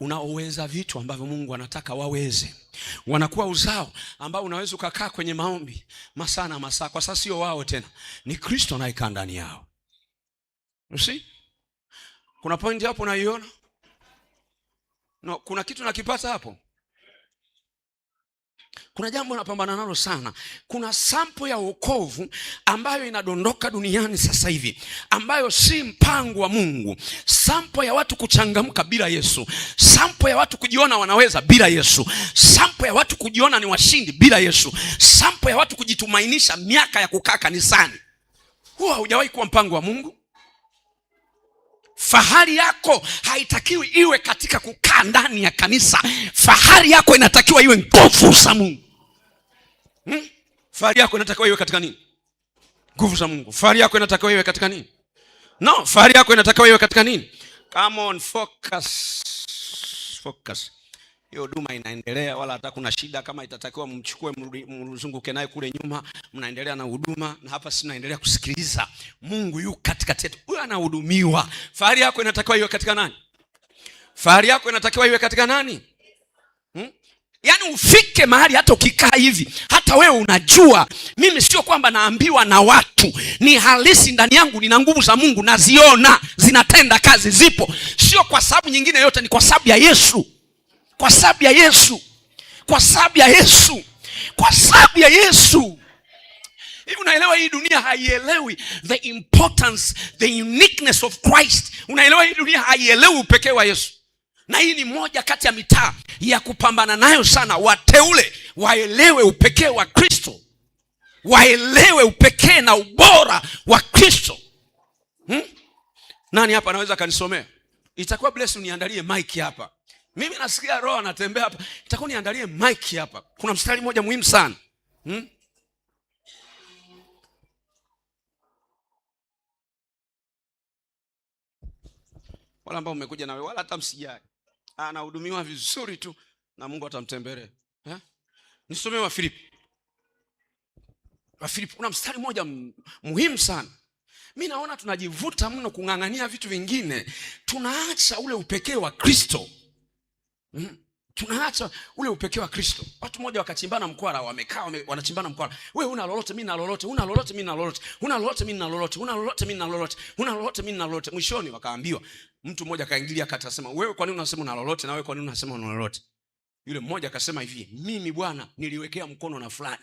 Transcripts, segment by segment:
unaoweza vitu ambavyo Mungu anataka waweze. Wanakuwa uzao ambao unaweza ukakaa kwenye maombi masaa na masaa, kwa sasa sio wao tena, ni Kristo anayekaa ndani yao. Usi? Kuna pointi hapo unaiona? No, kuna kitu nakipata hapo kuna jambo napambana nalo sana. Kuna sampo ya wokovu ambayo inadondoka duniani sasa hivi ambayo si mpango wa Mungu, sampo ya watu kuchangamka bila Yesu, sampo ya watu kujiona wanaweza bila Yesu, sampo ya watu kujiona ni washindi bila Yesu, sampo ya watu kujitumainisha miaka ya kukaa kanisani. huwa haujawahi kuwa mpango wa Mungu. Fahari yako haitakiwi iwe katika kukaa ndani ya kanisa. Fahari yako inatakiwa iwe nguvu za Mungu hmm? Fahari yako inatakiwa iwe katika nini? Nguvu za Mungu. Fahari yako inatakiwa iwe katika nini? No, fahari yako inatakiwa iwe katika nini? Come on, focus. Focus. Hiyo huduma inaendelea, wala hata kuna shida. Kama itatakiwa mchukue mzunguke naye kule nyuma, mnaendelea na huduma, na hapa si naendelea kusikiliza. Mungu yu katikati yetu, huyo anahudumiwa. Fahari yako inatakiwa iwe katika nani? Fahari yako inatakiwa iwe katika nani? hmm? Yaani ufike mahali hata ukikaa hivi, hata wewe unajua, mimi sio kwamba naambiwa na watu, ni halisi ndani yangu, nina nguvu za Mungu, naziona zinatenda kazi, zipo. Sio kwa sababu nyingine yote, ni kwa sababu ya Yesu, kwa sababu ya Yesu, kwa sababu ya Yesu, kwa sababu ya Yesu. Hivi unaelewa, hii dunia haielewi the importance, the uniqueness of Christ. Unaelewa, hii dunia haielewi upekee wa Yesu na hii ni moja kati ya mitaa ya kupambana nayo sana. Wateule waelewe upekee wa Kristo, waelewe upekee na ubora wa Kristo. Hmm? Nani hapa anaweza akanisomea? Itakuwa bles niandalie mike hapa. Mimi nasikia roho anatembea hapa. Itakuwa niandalie mike hapa. Kuna mstari mmoja muhimu sana. Hmm? Wala ambao mmekuja nawe wala hata msijai anahudumiwa vizuri tu na Mungu atamtembelee. Eh? Nisomee Wafilipi, Wafilipi kuna mstari mmoja muhimu sana. Mi naona tunajivuta mno kung'ang'ania vitu vingine, tunaacha ule upekee wa Kristo hmm? Tunaacha ule upekee wa Kristo. Watu mmoja wakachimbana mkwara, wamekaa wame, wanachimbana mkwara, we una lolote, mi na lolote, una lolote, mi na lolote, una lolote, mi na lolote, una lolote, mi na lolote, una lolote, mi na lolote. Mwishoni wakaambiwa mtu mmoja kaingilia katasema, wewe kwa nini unasema una lolote? Na wewe kwa nini unasema una lolote? Yule mmoja akasema hivi, mimi bwana, niliwekea mkono na fulani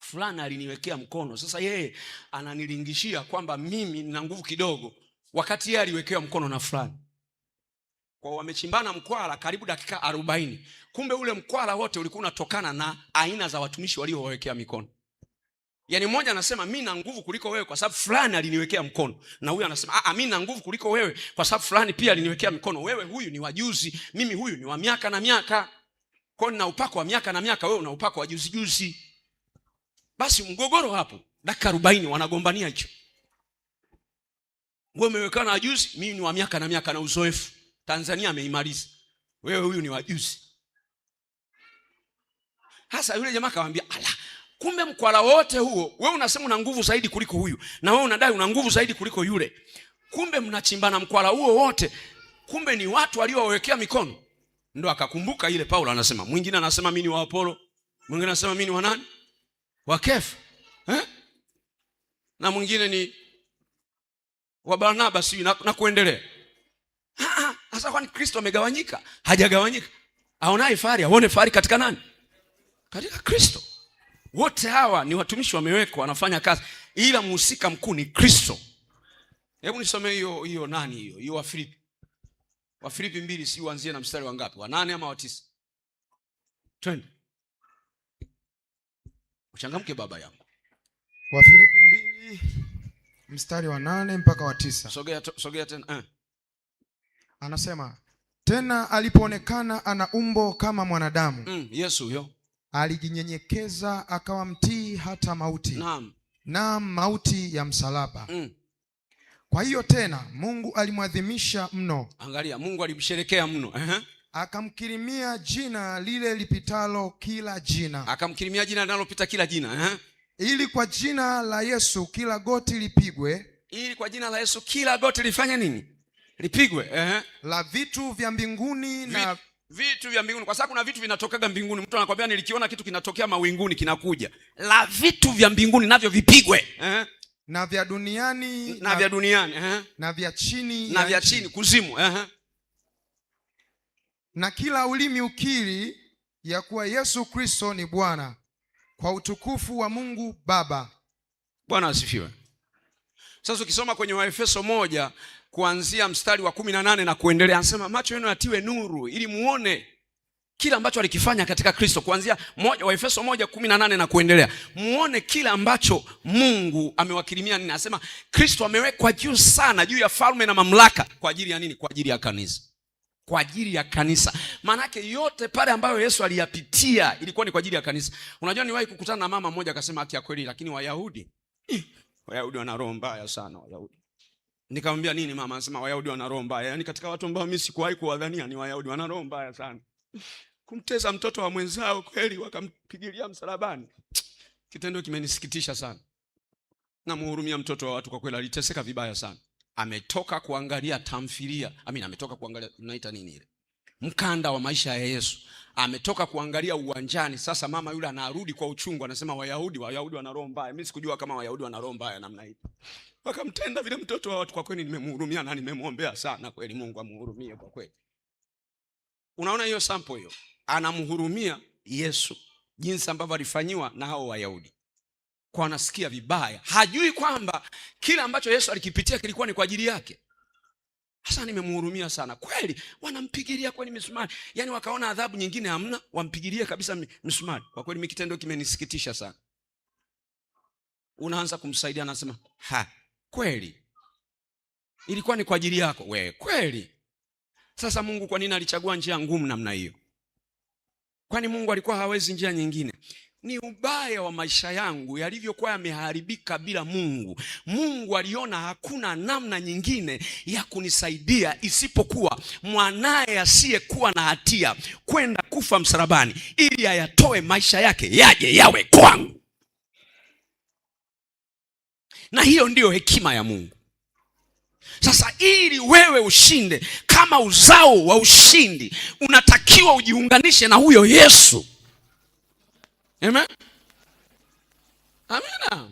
fulani aliniwekea mkono. Sasa yeye ananilingishia kwamba mimi nina nguvu kidogo, wakati yeye aliwekewa mkono na fulani. Kwa wamechimbana mkwala karibu dakika arobaini. Kumbe ule mkwala wote ulikuwa unatokana na aina za watumishi waliowawekea mikono. Yaani mmoja anasema mi na nguvu kuliko wewe kwa sababu fulani aliniwekea mkono, na huyu anasema ah, ah mi na nguvu kuliko wewe kwa sababu fulani pia aliniwekea mkono. Wewe huyu ni wajuzi, mimi huyu ni wa miaka na miaka, kwao nina upako wa miaka na miaka, wewe una upako wa juzi juzi. Basi mgogoro hapo dakika arobaini, wanagombania hicho, wewe umewekana wajuzi juzi, mimi ni wa miaka na miaka na uzoefu. Tanzania ameimaliza, wewe huyu ni wajuzi hasa. Yule jamaa kawambia ala Kumbe mkwala wote huo, wewe unasema una nguvu zaidi kuliko huyu, na wewe unadai una nguvu zaidi kuliko yule. Kumbe mnachimbana mkwala huo wote, kumbe ni watu waliowawekea mikono. Ndo akakumbuka ile Paulo anasema, mwingine anasema mimi ni wa Apolo, mwingine anasema mimi ni wa nani, wa Kefa eh? na mwingine ni wa Barnaba, sijui na, na kuendelea. Ah, ah, sasa kwani Kristo amegawanyika? Hajagawanyika. Aonaye fahari aone fahari katika nani? Katika Kristo. Wote hawa ni watumishi wamewekwa, wanafanya kazi, ila mhusika mkuu ni Kristo. Hebu nisomee hiyo hiyo nani hiyo hiyo Wafilipi, Wafilipi mbili, si uanzie na mstari wa ngapi? Wa nane ama wa tisa? Twende uchangamke baba yangu. Wafilipi mbili mstari wa nane mpaka wa tisa. Sogea, to, sogea tena eh. Anasema tena alipoonekana ana umbo kama mwanadamu mm, Yesu huyo alijinyenyekeza akawa mtii hata mauti, naam, na mauti ya msalaba mm. Kwa hiyo tena Mungu alimwadhimisha mno. Angalia, Mungu alimsherekea mno uh -huh. Akamkirimia jina lile lipitalo kila jina, akamkirimia jina linalopita kila jina uh -huh. Ili kwa jina la Yesu kila goti lipigwe, ili kwa jina la Yesu kila goti lifanye nini? Lipigwe uh -huh. La vitu vya mbinguni Vi... na vitu vya mbinguni, kwa sababu kuna vitu vinatokaga mbinguni. Mtu anakwambia nilikiona kitu kinatokea mawinguni, kinakuja. La vitu vya mbinguni navyo vipigwe eh? na vya duniani na, na vya duniani eh? na vya chini na vya chini kuzimu eh? na kila ulimi ukiri ya kuwa Yesu Kristo ni Bwana kwa utukufu wa Mungu Baba. Bwana asifiwe. Sasa ukisoma kwenye Waefeso moja kuanzia mstari wa kumi na nane na kuendelea, anasema macho yenu yatiwe nuru ili muone kila ambacho alikifanya katika Kristo, kuanzia Waefeso moja kumi na nane na kuendelea, muone kila ambacho Mungu amewakirimia nini. Anasema Kristo amewekwa juu sana juu ya falme na mamlaka. Kwa ajili ya nini? Kwa ajili ya kanisa kwa ajili ya kanisa. Maanake yote pale ambayo Yesu aliyapitia ilikuwa ni kwa ajili ya kanisa. Unajua, niwahi kukutana na mama mmoja akasema, haki ya kweli, lakini Wayahudi Wayahudi wana roho mbaya sana Wayahudi. Nikamwambia nini mama? Anasema Wayahudi wana roho mbaya. Yaani katika watu ambao mimi sikuwahi kuwadhania ni Wayahudi wana roho mbaya sana. kumteza mtoto wa mwenzao kweli wakampigilia msalabani. Kitendo kimenisikitisha sana. Namuhurumia mtoto wa watu kwa kweli aliteseka vibaya sana. Ametoka kuangalia tamthilia. Amina, ametoka kuangalia unaita nini ile? Mkanda wa maisha ya Yesu ametoka kuangalia uwanjani. Sasa mama yule anarudi kwa uchungu, anasema Wayahudi, Wayahudi wana roho mbaya. Mimi sikujua kama Wayahudi wana roho mbaya namna hii, wakamtenda vile mtoto wa watu. Kwa kweli nimemhurumia na nimemwombea sana kweli, Mungu amhurumie kwa kweli. Unaona hiyo sample hiyo, anamhurumia Yesu jinsi ambavyo alifanyiwa na hao Wayahudi, kwa anasikia vibaya, hajui kwamba kile ambacho Yesu alikipitia kilikuwa ni kwa ajili yake. Hasa nimemhurumia sana kweli, wanampigilia kweli misumari, yaani wakaona adhabu nyingine hamna, wampigilia kabisa misumari. Kwa kweli mimi kitendo kimenisikitisha sana. Unaanza kumsaidia anasema ha, kweli ilikuwa ni kwa ajili yako we, kweli. Sasa Mungu kwa nini alichagua njia ngumu namna hiyo? Kwani Mungu alikuwa hawezi njia nyingine? ni ubaya wa maisha yangu yalivyokuwa yameharibika bila Mungu. Mungu aliona hakuna namna nyingine ya kunisaidia isipokuwa mwanaye asiyekuwa na hatia kwenda kufa msalabani, ili ayatoe maisha yake yaje yawe kwangu. Na hiyo ndiyo hekima ya Mungu. Sasa ili wewe ushinde, kama uzao wa ushindi, unatakiwa ujiunganishe na huyo Yesu Amen. Amina.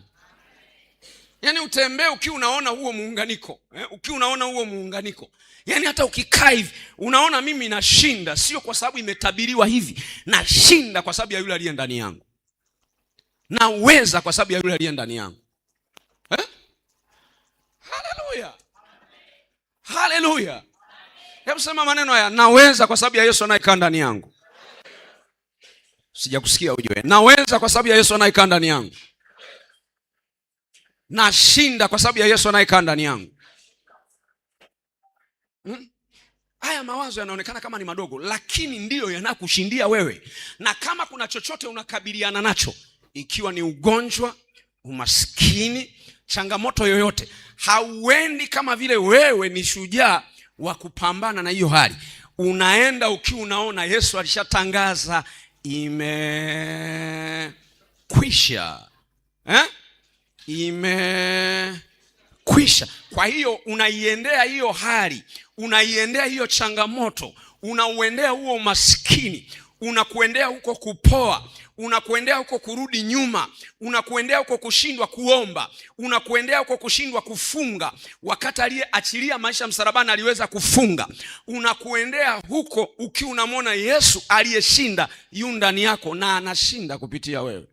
Yaani utembee ukiwa unaona huo muunganiko eh? Ukiwa unaona huo muunganiko, yaani hata ukikaa hivi unaona mimi nashinda, sio kwa sababu imetabiriwa hivi. Nashinda kwa sababu ya yule aliye ndani yangu, naweza kwa sababu ya yule aliye ndani yangu eh? Haleluya, haleluya! Hebu sema maneno haya, naweza kwa sababu ya Yesu anayekaa ndani yangu. Sijakusikia ujue. Naweza kwa sababu ya Yesu anayekaa ndani yangu. Nashinda kwa sababu ya Yesu anayekaa ndani yangu. Hmm? Haya mawazo yanaonekana kama ni madogo, lakini ndiyo yanakushindia wewe. Na kama kuna chochote unakabiliana nacho, ikiwa ni ugonjwa, umaskini, changamoto yoyote, hauendi kama vile wewe ni shujaa wa kupambana na hiyo hali. Unaenda ukiwa unaona Yesu alishatangaza imekwisha eh? Imekwisha. Kwa hiyo unaiendea hiyo hali, unaiendea hiyo changamoto, unauendea huo umaskini, unakuendea huko kupoa unakuendea huko kurudi nyuma, unakuendea huko kushindwa kuomba, unakuendea huko kushindwa kufunga. Wakati aliyeachilia maisha msalabani aliweza kufunga. Unakuendea huko ukiwa unamwona Yesu aliyeshinda yu ndani yako na anashinda kupitia wewe.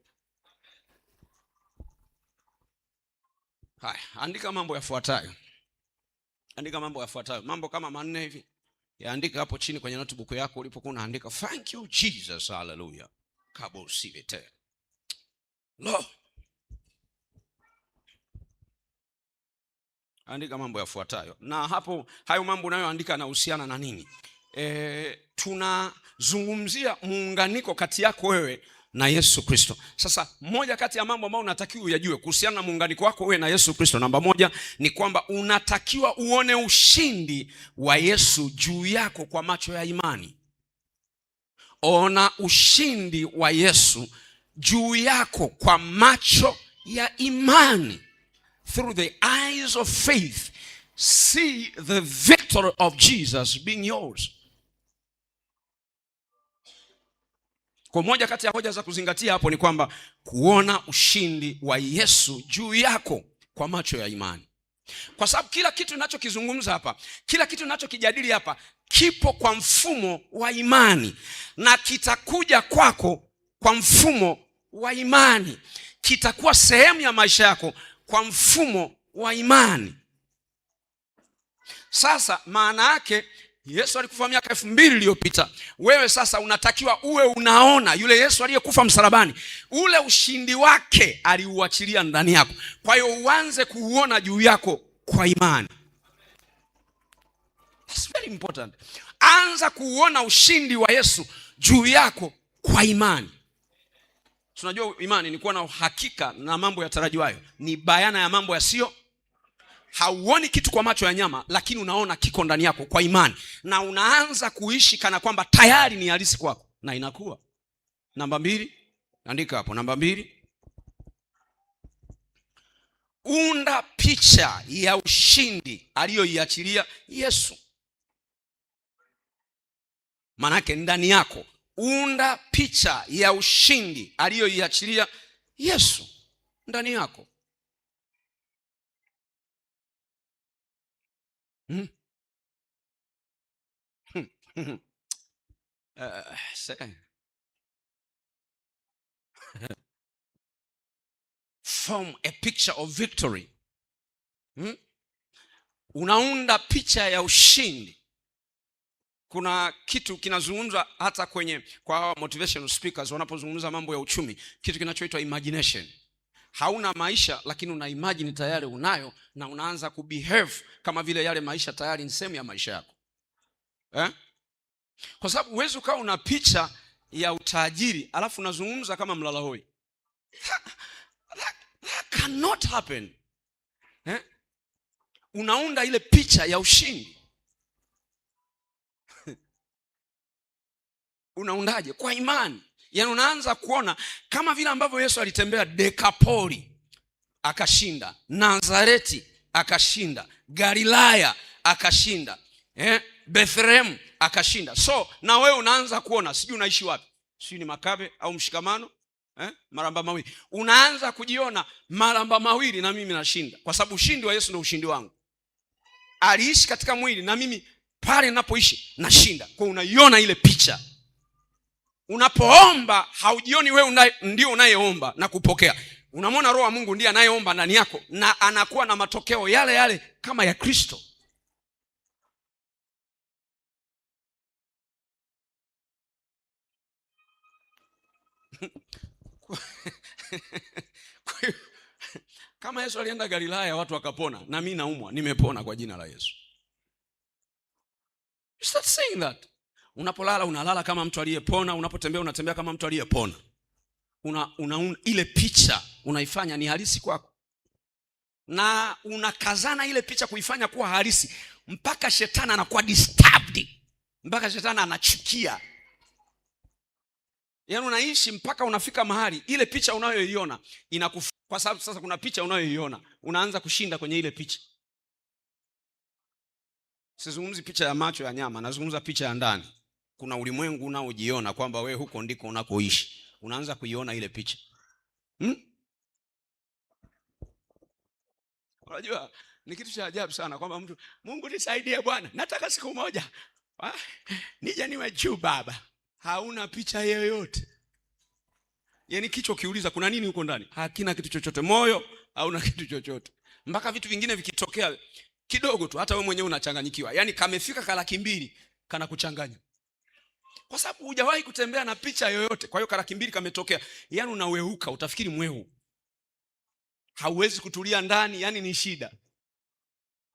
Haya, andika mambo yafuatayo. Andika mambo yafuatayo, mambo kama manne hivi, yaandika hapo chini kwenye notebook yako ulipokuwa unaandika. Thank you Jesus, hallelujah kabo usiwe Lo, andika mambo yafuatayo, na hapo hayo mambo unayoandika yanahusiana na nini? E, tunazungumzia muunganiko kati yako wewe na Yesu Kristo. Sasa moja kati ya mambo ambayo unatakiwa uyajue kuhusiana na muunganiko wako wewe na Yesu Kristo, namba moja ni kwamba unatakiwa uone ushindi wa Yesu juu yako kwa macho ya imani ona ushindi wa Yesu juu yako kwa macho ya imani, through the eyes of faith see the victory of Jesus being yours. Kwa moja kati ya hoja za kuzingatia hapo ni kwamba kuona ushindi wa Yesu juu yako kwa macho ya imani, kwa sababu kila kitu ninachokizungumza hapa, kila kitu ninachokijadili hapa kipo kwa mfumo wa imani na kitakuja kwako kwa mfumo wa imani, kitakuwa sehemu ya maisha yako kwa mfumo wa imani. Sasa maana yake Yesu alikufa miaka elfu mbili iliyopita. Wewe sasa unatakiwa uwe unaona yule Yesu aliyekufa msalabani, ule ushindi wake aliuachilia ndani yako. Kwa hiyo uanze kuuona juu yako kwa imani. It's very important. Anza kuuona ushindi wa Yesu juu yako kwa imani. Tunajua imani ni kuwa na uhakika na mambo yatarajiwayo, ni bayana ya mambo yasiyo. Hauoni kitu kwa macho ya nyama, lakini unaona kiko ndani yako kwa imani, na unaanza kuishi kana kwamba tayari ni halisi kwako, na inakuwa. Namba mbili, andika hapo, namba mbili, unda picha ya ushindi aliyoiachilia Yesu maanake ndani yako unda picha ya ushindi aliyoiachilia Yesu ndani yako hmm? Hmm. Uh, form a picture of victory hmm? Unaunda picha ya ushindi kuna kitu kinazungumzwa hata kwenye kwa hawa motivational speakers wanapozungumza mambo ya uchumi, kitu kinachoitwa imagination. Hauna maisha lakini una imagine tayari unayo, na unaanza kubehave kama vile yale maisha tayari ni sehemu ya maisha yako eh? Kwa sababu huwezi ukawa una picha ya utajiri alafu unazungumza kama mlala hoi. That, that, that cannot happen eh? Unaunda ile picha ya ushindi unaundaje? Kwa imani. Yani unaanza kuona kama vile ambavyo Yesu alitembea Dekapoli akashinda, Nazareti akashinda, Galilaya akashinda, eh? Bethlehemu akashinda. So na wewe unaanza kuona, sijui unaishi wapi, sijui ni Makabe au Mshikamano eh? Maramba mawili, unaanza kujiona maramba mawili, na mimi nashinda, kwa sababu ushindi wa Yesu ndo ushindi wangu. Aliishi katika mwili, na mimi pale napoishi nashinda. Kwa unaiona ile picha unapoomba haujioni wewe una, ndio unayeomba na kupokea unamwona roho wa mungu ndiye anayeomba ndani yako na anakuwa na matokeo yale yale kama ya kristo kama yesu alienda galilaya watu wakapona na mi naumwa nimepona kwa jina la yesu you start saying that Unapolala unalala kama mtu aliyepona, unapotembea unatembea kama mtu aliyepona. Una, una, una ile picha unaifanya ni halisi kwako, na unakazana ile picha kuifanya kuwa halisi mpaka shetani anakuwa disturbed, mpaka shetani anachukia. Yaani unaishi mpaka unafika mahali ile picha unayoiona inakufa, kwa sababu sasa kuna picha unayoiona unaanza kushinda kwenye ile picha. Sizungumzi picha ya macho ya nyama, nazungumza picha ya ndani kuna ulimwengu unaojiona kwamba we huko ndiko unakoishi, unaanza kuiona ile picha hmm? Unajua ni kitu cha ajabu sana kwamba mtu, Mungu nisaidie Bwana, nataka siku moja ah, nije niwe juu Baba. Hauna picha yoyote, yaani kichwa ukiuliza kuna nini huko ndani, hakina kitu chochote. Moyo hauna kitu chochote, mpaka vitu vingine vikitokea kidogo tu, hata wewe mwenyewe unachanganyikiwa. Yaani kamefika kalaki mbili kanakuchanganya kwa sababu hujawahi kutembea na picha yoyote. Kwa hiyo karakimbili kametokea, yani unaweuka, utafikiri mwehu, hauwezi kutulia ndani, yani ni shida.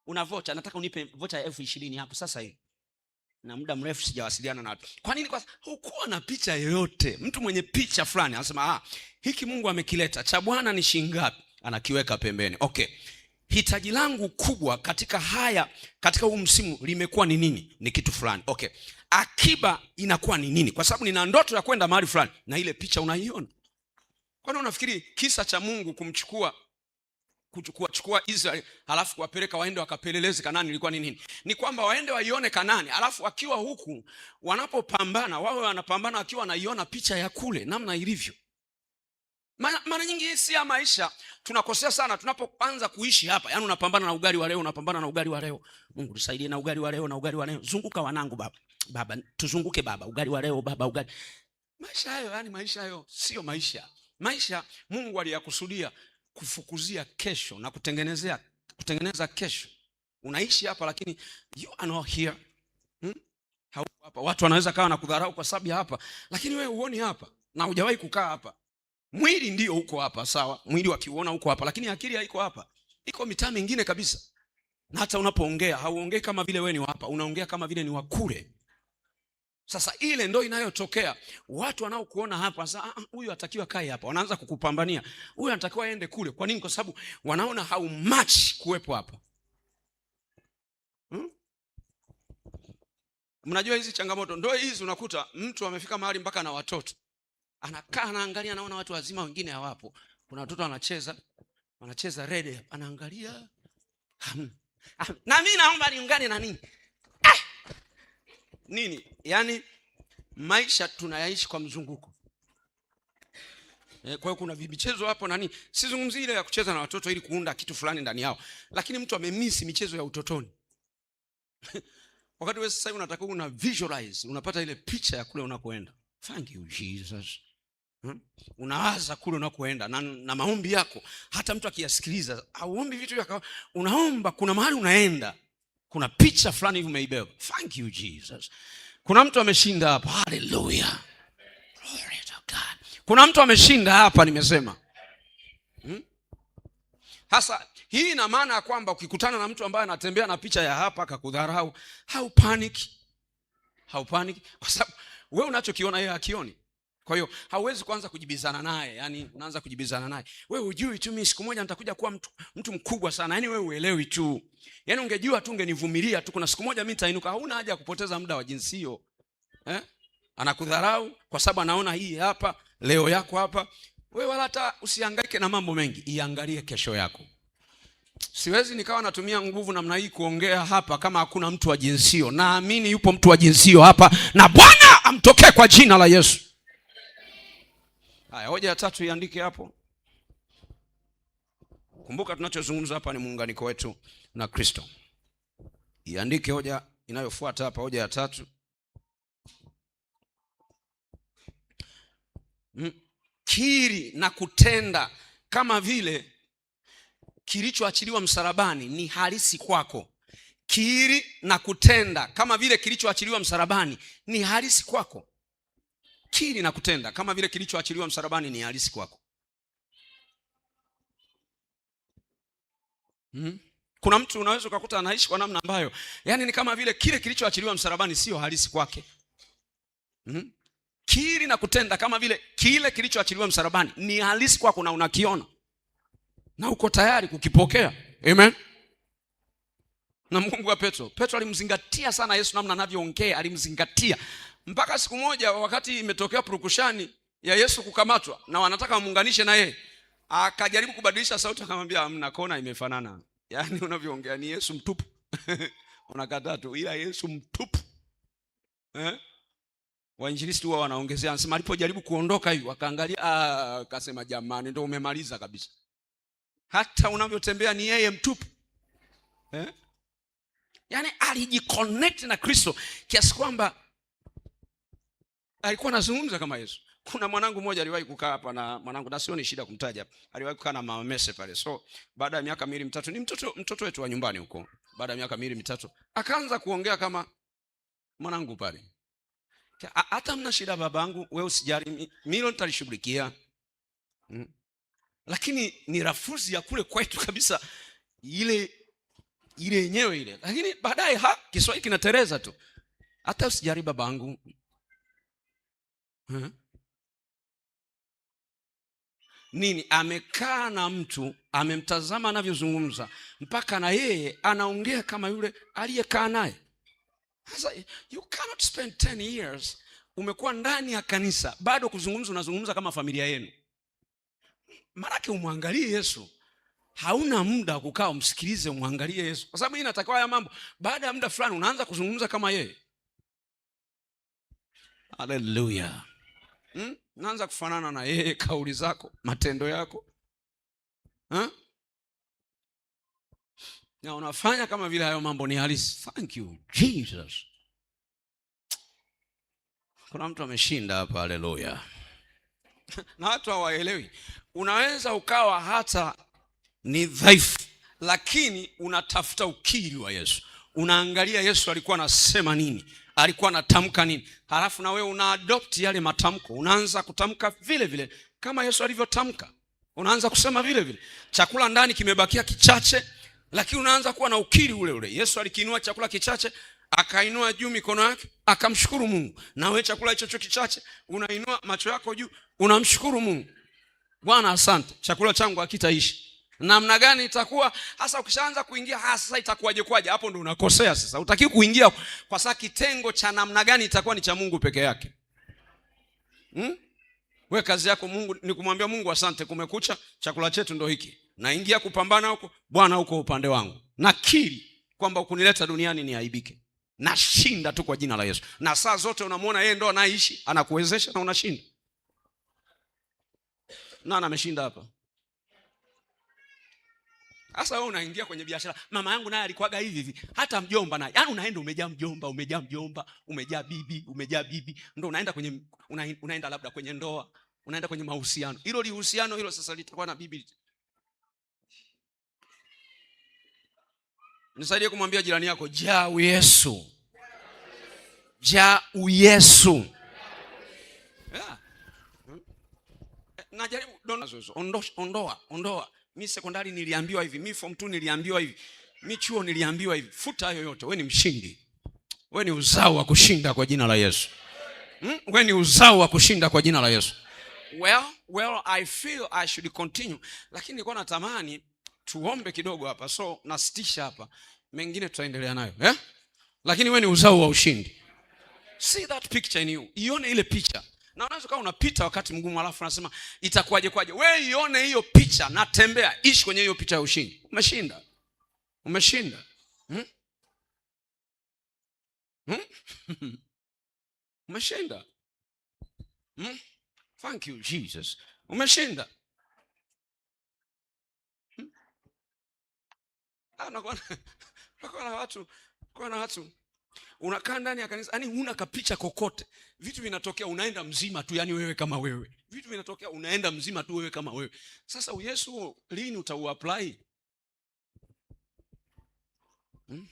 Una vocha, nataka unipe vocha ya elfu ishirini hapo sasa hii na muda mrefu sijawasiliana na watu. Kwa nini? Kwa hukuwa na picha yoyote. Mtu mwenye picha fulani anasema ah, hiki Mungu amekileta cha Bwana ni shingapi, anakiweka pembeni. Okay hitaji langu kubwa katika haya katika huu msimu limekuwa ni nini? Ni kitu fulani. Okay, akiba inakuwa ni nini? Kwa sababu nina ndoto ya kwenda mahali fulani na ile picha unaiona. Kwani unafikiri kisa cha Mungu kumchukua kuchukua israel Israeli halafu kuwapeleka waende wakapeleleze Kanani ilikuwa ni nini? Ni kwamba waende waione Kanani, alafu akiwa huku wanapopambana wawe wanapambana wakiwa wanaiona picha ya kule namna ilivyo. Mara, nyingi hii si ya maisha, tunakosea sana tunapoanza kuishi hapa. Yaani unapambana na ugali wa leo, unapambana na ugali wa leo. Mungu tusaidie na ugali wa leo na ugali wa leo. Zunguka wanangu baba. Baba, tuzunguke baba, ugali wa leo baba, ugali. Maisha hayo, yani maisha hayo sio maisha. Maisha Mungu aliyakusudia kufukuzia kesho na kutengenezea kutengeneza kesho. Unaishi hapa lakini you are not here. Hmm? hapa. Watu wanaweza kawa na kudharau kwa sababu ya hapa, lakini wewe uone hapa na hujawahi kukaa hapa. Mwili ndio uko hapa sawa, mwili wakiuona uko hapa, lakini akili haiko hapa, iko mitaa mingine kabisa. Na hata unapoongea hauongei kama vile wewe ni hapa, unaongea kama vile ni wa kule. Sasa ile ndo inayotokea. Watu wanaokuona hapa sasa, ah, ah, huyu atakiwa kae hapa, wanaanza kukupambania, huyu anatakiwa aende kule. Kwa nini? Kwa sababu wanaona how much kuwepo hapa. Hmm? Mnajua hizi changamoto ndio hizi, unakuta mtu amefika mahali mpaka na watoto Anakaa anaangalia, anaona watu wazima wengine hawapo, kuna watoto wanacheza, wanacheza rede, anaangalia. Na mi naomba niungane na nini eh! nini, yani maisha tunayaishi kwa mzunguko eh, kwa hiyo kuna vimichezo hapo nani, sizungumzi ile ya kucheza na watoto ili kuunda kitu fulani ndani yao, lakini mtu amemisi michezo ya utotoni wakati wewe sasa unataka una visualize, unapata ile picha ya kule unakoenda thank you jesus hmm? unawaza kule unakoenda na, na maombi yako hata mtu akiyasikiliza auombi vitu vyako unaomba kuna mahali unaenda kuna picha fulani hivi umeibeba thank you jesus kuna mtu ameshinda hapa haleluya glory to god kuna mtu ameshinda hapa nimesema hmm? hii ina maana ya kwamba ukikutana na mtu ambaye anatembea na picha ya hapa akakudharau haupanic haupanic kwa sababu we unachokiona yeye akioni. Kwa hiyo hauwezi kuanza kujibizana naye, yani unaanza kujibizana naye. Wewe hujui tu, mimi siku moja nitakuja kuwa mtu, mtu mkubwa sana. Yani wewe uelewi tu, yani ungejua tu, ungenivumilia tu, kuna siku moja mimi nitainuka. Hauna haja ya kupoteza muda wa jinsi hiyo eh? Anakudharau kwa sababu anaona hii hapa leo yako hapa. Wewe wala hata usihangaike na mambo mengi, iangalie kesho yako. Siwezi nikawa natumia nguvu namna hii kuongea hapa kama hakuna mtu wa jinsio. Naamini yupo mtu wa jinsio hapa, na Bwana amtokee kwa jina la Yesu. Haya, hoja ya tatu iandike hapo. Kumbuka tunachozungumza hapa ni muunganiko wetu na Kristo. Iandike hoja inayofuata hapa, hoja ya tatu. Hmm. Kiri na kutenda kama vile kilichoachiliwa msalabani ni halisi kwako. Kiri na kutenda kama vile kilichoachiliwa msalabani ni halisi kwako. Kiri na kutenda kama vile kilichoachiliwa msalabani ni halisi kwako. Hmm? Kuna mtu unaweza ukakuta anaishi kwa namna ambayo yani ni kama vile kile kilichoachiliwa msalabani sio halisi kwake. Hmm? Kiri na kutenda kama vile kile kilichoachiliwa msalabani ni halisi kwako na unakiona na uko tayari kukipokea. Amen. Na Mungu wa Petro, Petro alimzingatia sana Yesu namna anavyoongea, alimzingatia mpaka siku moja, wakati imetokea purukushani ya Yesu kukamatwa na wanataka wamuunganishe na yeye, akajaribu kubadilisha sauti, akamwambia amna kona imefanana. Yaani unavyoongea ni Yesu mtupu unakataa tu, ila Yesu mtupu eh? Wainjilisti huwa wanaongezea, anasema alipojaribu kuondoka hiyo akaangalia, ah, akasema jamani, ndio umemaliza kabisa hata unavyotembea ni yeye mtupu eh? Yaani alijiconnect na Kristo kiasi kwamba alikuwa anazungumza kama Yesu. Kuna mwanangu mmoja aliwahi kukaa hapa na mwanangu, na sioni shida kumtaja, aliwahi kukaa na mama Mese pale. So baada ya miaka miwili mitatu, ni mtoto mtoto wetu wa nyumbani huko, baada ya miaka miwili mitatu akaanza kuongea kama mwanangu pale, hata mna shida babangu, wewe usijari milo ndio nitalishughulikia. Hmm lakini ni rafuzi ya kule kwetu kabisa ile ile yenyewe ile, lakini baadaye ha Kiswahili kinatereza tu. Hata usijaribu babangu, hmm? nini amekaa na mtu amemtazama anavyozungumza mpaka na yeye anaongea kama yule aliyekaa naye. Sasa you cannot spend 10 years umekuwa ndani ya kanisa bado kuzungumza, unazungumza kama familia yenu Maanake umwangalie Yesu, hauna muda wa kukaa umsikilize, umwangalie Yesu, kwa sababu hii inatakiwa haya mambo. Baada ya muda fulani unaanza kuzungumza kama yeye. Haleluya! hmm? Unaanza kufanana na yeye, kauli zako, matendo yako ha? Hmm? na unafanya kama vile hayo mambo ni halisi. Thank you Jesus. Kuna mtu ameshinda hapa. Haleluya. na watu hawaelewi. Unaweza ukawa hata ni dhaifu, lakini unatafuta ukiri wa Yesu, unaangalia Yesu alikuwa anasema nini, alikuwa anatamka nini, halafu na wewe unaadopti yale matamko, unaanza kutamka vile vile kama Yesu alivyotamka, unaanza kusema vile vile. Chakula ndani kimebakia kichache, lakini unaanza kuwa na ukiri ule ule. Yesu alikiinua chakula kichache, akainua juu mikono yake akamshukuru Mungu. Na wewe chakula hicho cho kichache, unainua macho yako juu, unamshukuru Mungu. Bwana, asante, chakula changu hakitaishi. Namna gani itakuwa hasa? Ukishaanza kuingia hasa, itakuwaje kwaje? Hapo ndo unakosea sasa, utaki kuingia kwa saa. Kitengo cha namna gani itakuwa ni cha Mungu peke yake, hmm? We kazi yako Mungu ni kumwambia Mungu asante, kumekucha, chakula chetu ndo hiki. Naingia kupambana huko, Bwana, huko upande wangu, nakiri kwamba ukunileta duniani niaibike. Nashinda tu kwa jina la Yesu. Na saa zote unamwona yeye ndo anaishi, anakuwezesha na unashinda. Nani ameshinda hapa? Sasa wewe unaingia kwenye biashara. Mama yangu naye alikuwaga hivi hivi. Hata mjomba naye. Yaani unaenda umejaa mjomba, umejaa mjomba, umejaa bibi, umejaa bibi. Ndio unaenda kwenye una, unaenda labda kwenye ndoa, unaenda kwenye mahusiano. Hilo lihusiano hilo sasa litakuwa na bibi Nisaidie kumwambia jirani yako, jaa Uyesu, jaa Uyesu. Yeah. Najaribu ondoa, ondoa, ondoa. Mi sekondari niliambiwa hivi, mi form 2 niliambiwa hivi, mi chuo niliambiwa hivi. Futa hayo yote, we ni mshindi, we ni uzao wa kushinda kwa jina la Yesu. Hmm? We ni uzao wa kushinda kwa jina la Yesu. Well, well, I feel I should continue, lakini nilikuwa natamani tuombe kidogo hapa, so nasitisha hapa, mengine tutaendelea nayo eh? Lakini wewe ni uzao wa ushindi. See that picture in you, ione ile picha. Na unaweza kuwa unapita wakati mgumu, alafu unasema itakuwaje kwaje? Wewe ione hiyo picha, natembea, ishi kwenye hiyo picha ya ushindi. Umeshinda, umeshinda hmm? Hmm? umeshinda hmm? Thank you Jesus, umeshinda Ah, unakuwa na watu unakuwa unakaa ndani ya kanisa yani huna kapicha kokote, vitu vinatokea, unaenda mzima tu, yani wewe kama wewe, vitu vinatokea, unaenda mzima tu, wewe kama wewe. Sasa Yesu lini utauapply hmm?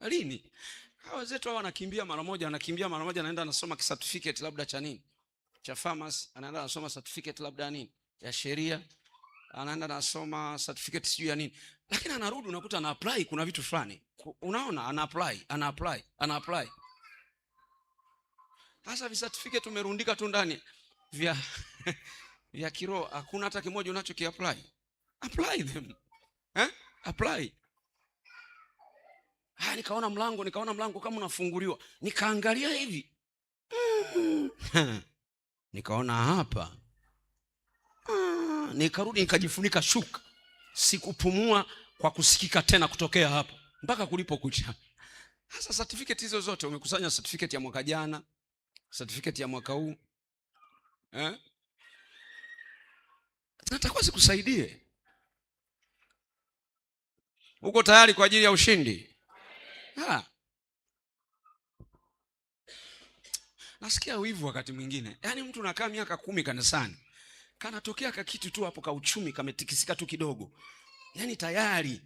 Lini wenzetu hao wanakimbia mara moja, anakimbia mara moja, anaenda anasoma certificate labda cha nini cha pharmacy, anaenda anasoma certificate labda nini ya sheria, anaenda anasoma certificate sijuu ya nini lakini anarudi unakuta ana apply kuna vitu fulani unaona ana apply ana apply ana apply hasa visertificate tumerundika tu ndani vya vya kiroho hakuna hata kimoja unacho ki apply apply them eh apply ha nikaona mlango nikaona mlango kama unafunguliwa nikaangalia hivi nikaona hapa ah, nikarudi nikajifunika shuka sikupumua kwa kusikika tena kutokea hapo mpaka kulipokucha. hasa certificate hizo zote umekusanya, certificate ya mwaka jana, certificate ya mwaka huu eh? Natakuwa sikusaidie uko tayari kwa ajili ya ushindi ha. Nasikia wivu wakati mwingine, yaani mtu nakaa miaka kumi kanisani kanatokea kakitu tu hapo kauchumi kametikisika tu kidogo, yani tayari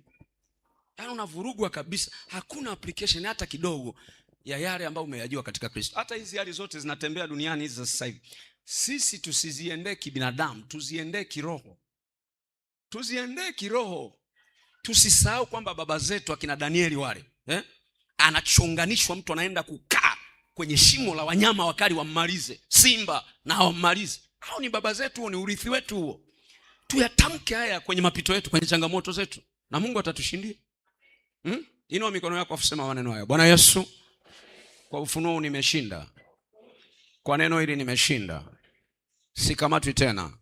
yani unavurugwa kabisa. Hakuna application hata kidogo ya yale ambayo umeyajua katika Kristo. Hata hizi hali zote zinatembea duniani hizi za sasa hivi, sisi tusiziendee kibinadamu, tuziendee kiroho, tuziendee kiroho. Tusisahau kwamba baba zetu akina Danieli wale eh? Anachonganishwa, mtu anaenda kukaa kwenye shimo la wanyama wakali wammalize, simba na wammalize hao ni baba zetu, ni urithi wetu huo. Tuyatamke haya kwenye mapito yetu, kwenye changamoto zetu, na Mungu atatushindia. Hmm? Inua mikono yako afusema maneno haya. Bwana Yesu, kwa ufunuo nimeshinda, kwa neno hili nimeshinda, sikamatwi tena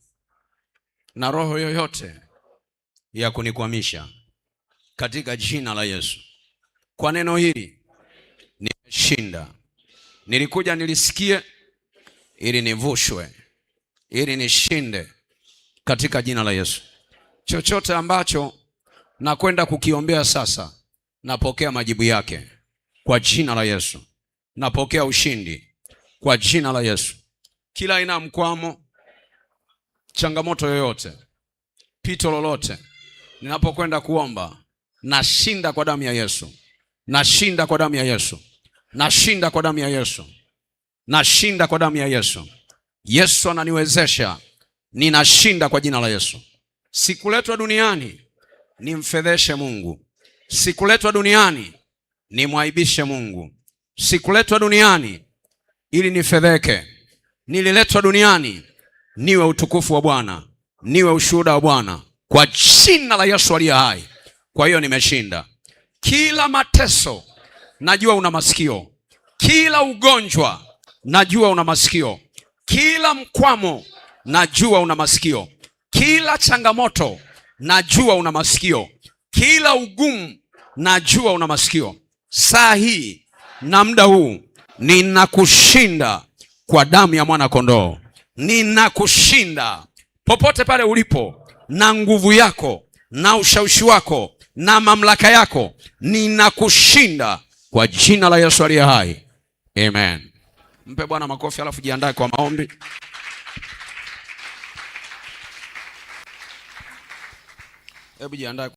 na roho yoyote ya kunikwamisha katika jina la Yesu. Kwa neno hili nimeshinda, nilikuja nilisikie ili nivushwe ili nishinde katika jina la Yesu. Chochote ambacho nakwenda kukiombea sasa, napokea majibu yake kwa jina la Yesu. Napokea ushindi kwa jina la Yesu. Kila aina ya mkwamo, changamoto yoyote, pito lolote, ninapokwenda kuomba, nashinda kwa damu ya Yesu, nashinda kwa damu ya Yesu, nashinda kwa damu ya Yesu, nashinda kwa damu ya Yesu. Yesu ananiwezesha, ninashinda kwa jina la Yesu. Sikuletwa duniani nimfedheshe Mungu, sikuletwa duniani nimwaibishe Mungu, sikuletwa duniani ili nifedheke. Nililetwa duniani niwe utukufu wa Bwana, niwe ushuhuda wa Bwana kwa jina la Yesu aliye hai. Kwa hiyo nimeshinda kila mateso, najua una masikio. Kila ugonjwa, najua una masikio. Kila mkwamo najua una masikio, kila changamoto najua una masikio, kila ugumu najua una masikio. Saa hii na muda huu ninakushinda kwa damu ya mwana kondoo, ninakushinda popote pale ulipo, na nguvu yako na ushawishi wako na mamlaka yako, ninakushinda kwa jina la Yesu aliye hai, amen. Mpe Bwana makofi, alafu jiandae kwa maombi. Hebu jiandae.